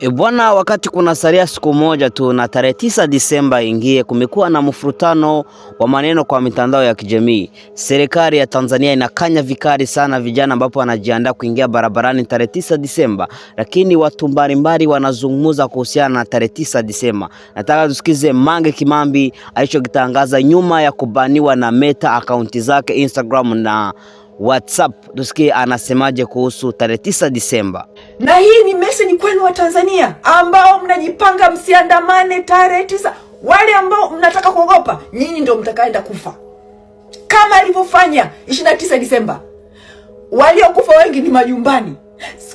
E bwana, wakati kuna salia siku moja tu na tarehe tisa Disemba ingie, kumekuwa na mfurutano wa maneno kwa mitandao ya kijamii. Serikali ya Tanzania inakanya vikali sana vijana ambapo wanajiandaa kuingia barabarani tarehe tisa Disemba, lakini watu mbalimbali wanazungumza kuhusiana na tarehe tisa Disemba. Nataka tusikize Mange Kimambi alichokitangaza nyuma ya kubaniwa na Meta akaunti zake Instagram na WhatsApp. Tusikie anasemaje kuhusu tarehe tisa Disemba na hii ni message kwenu wa Tanzania ambao mnajipanga msiandamane tarehe tisa. Wale ambao mnataka kuogopa, nyinyi ndio mtakaenda kufa kama alivyofanya 29 Disemba. Waliokufa wengi ni majumbani.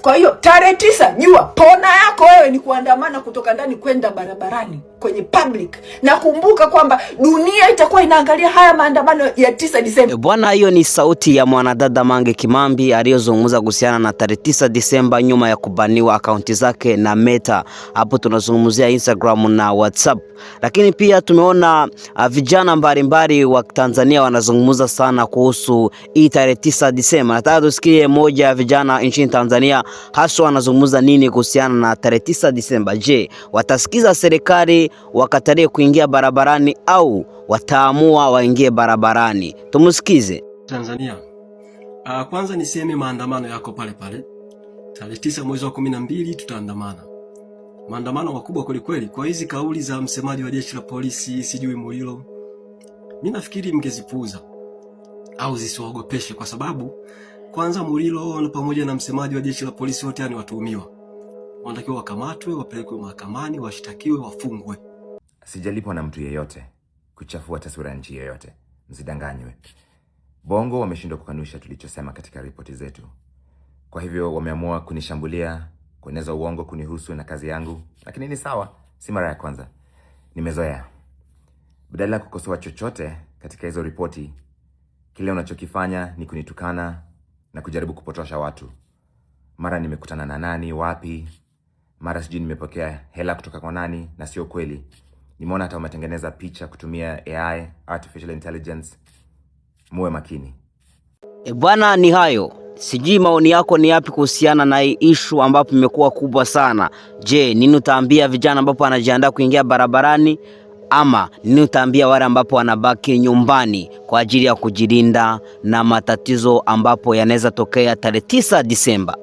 Kwa hiyo tarehe tisa, jua pona yako wewe ni kuandamana kutoka ndani kwenda barabarani kwenye public, na kumbuka kwamba dunia itakuwa inaangalia haya maandamano ya tisa Disemba. Eh, bwana, hiyo ni sauti ya mwanadada Mange Kimambi aliyozungumza kuhusiana na tarehe tisa Disemba nyuma ya kubaniwa akaunti zake na Meta. Hapo tunazungumzia Instagram na WhatsApp, lakini pia tumeona uh, vijana mbalimbali wa Tanzania wanazungumza sana kuhusu hii tarehe tisa Disemba. Nataka tusikie moja ya vijana nchini Tanzania haswa wanazungumza nini kuhusiana na tarehe 9 Disemba. Je, watasikiza serikali wakatalie kuingia barabarani au wataamua waingie barabarani? Tumusikize Tanzania. Uh, kwanza niseme maandamano yako pale pale tarehe tisa mwezi wa kumi na mbili tutaandamana maandamano makubwa kwelikweli. Kwa hizi kauli za msemaji wa jeshi la polisi sijui Mulilo, mi nafikiri mngezipuuza au zisiwaogopeshe, kwa sababu kwanza Murilo pamoja na msemaji wa jeshi la polisi wote ni yaani watuhumiwa wanatakiwa wakamatwe, wapelekwe mahakamani, washtakiwe, wafungwe. Sijalipwa na mtu yeyote kuchafua taswira ya nchi yeyote, msidanganywe. Bongo wameshindwa kukanusha tulichosema katika ripoti zetu, kwa hivyo wameamua kunishambulia, kueneza uongo kunihusu na kazi yangu, lakini ni sawa, si mara ya kwanza, nimezoea. Badala ya kukosoa chochote katika hizo ripoti, kile unachokifanya ni kunitukana na kujaribu kupotosha watu. Mara nimekutana na nani wapi, mara sijui nimepokea hela kutoka kwa nani, na sio kweli. Nimeona hata wametengeneza picha kutumia AI, artificial intelligence. Muwe makini e bwana. Ni hayo. Sijui maoni yako ni yapi kuhusiana na hii ishu ambapo imekuwa kubwa sana. Je, nini utaambia vijana ambapo anajiandaa kuingia barabarani? ama nini utaambia wale ambapo wanabaki nyumbani kwa ajili ya kujilinda na matatizo ambapo yanaweza tokea tarehe 9 Disemba?